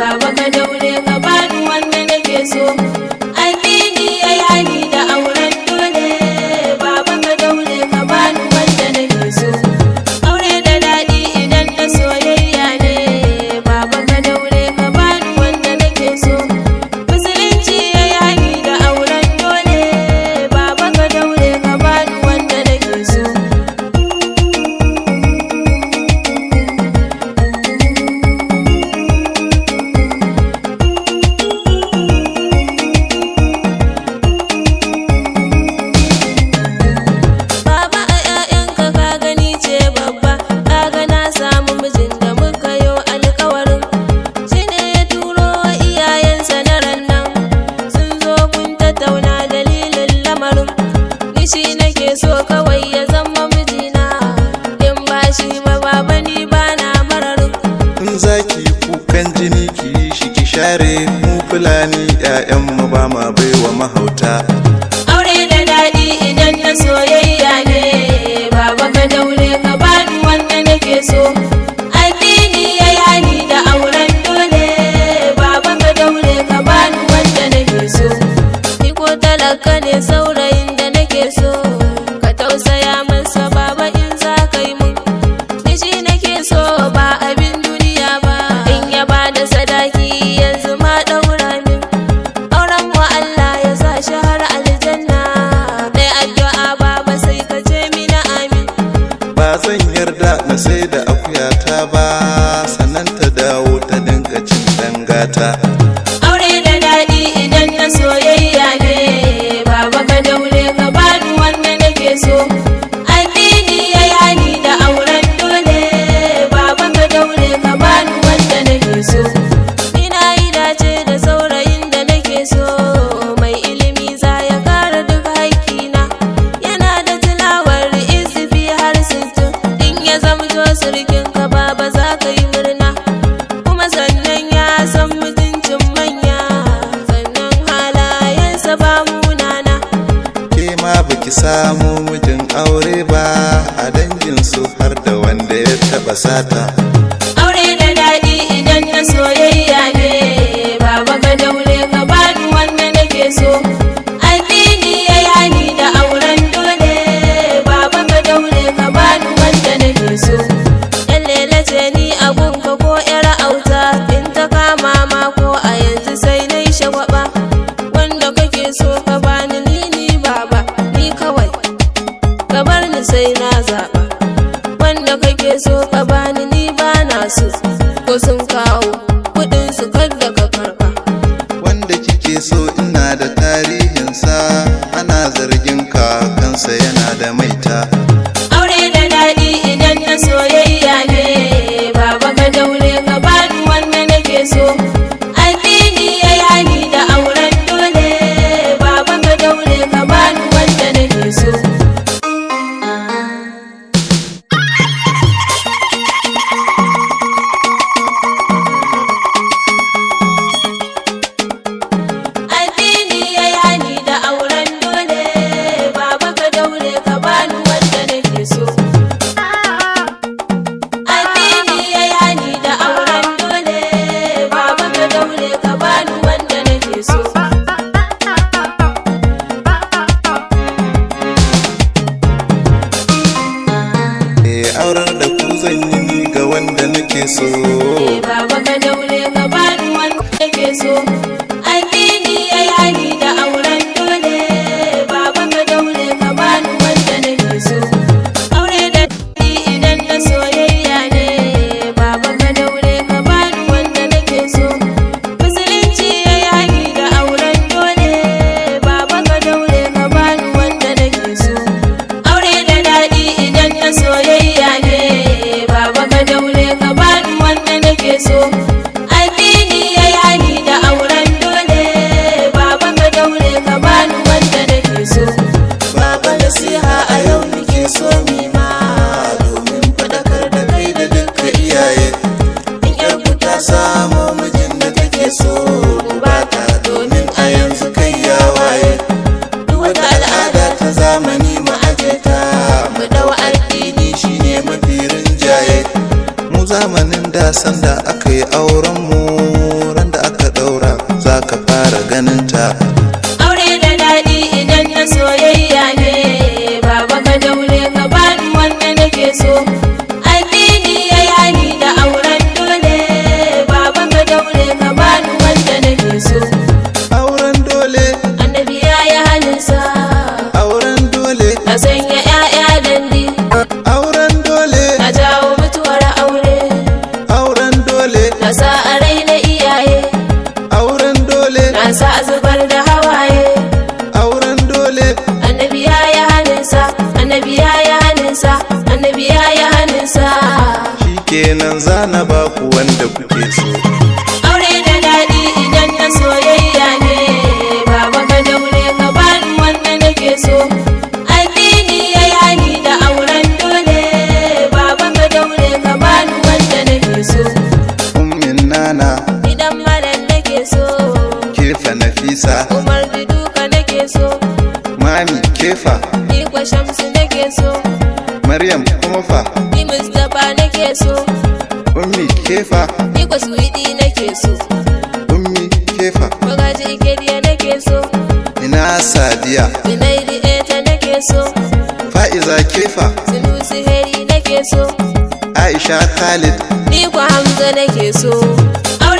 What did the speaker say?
baba ka daure ka bani wanda nake so samu mijin aure ba a su har da wanda ya taba sata so so in domin a yanzu kai ya waye duk wata al'ada ta zamani mu aje ta mu dau addini shine mafi rinjaye mu zamanin da sanda aka yi aure kenan zana ku wanda kuke so kefa ni ko suwidi nake so ummi kefa magaji ikediya nake so ina sadiya binaidi eta nake so fa'iza kefa sunusi heri nake so aisha khalid ni ko hamza nake so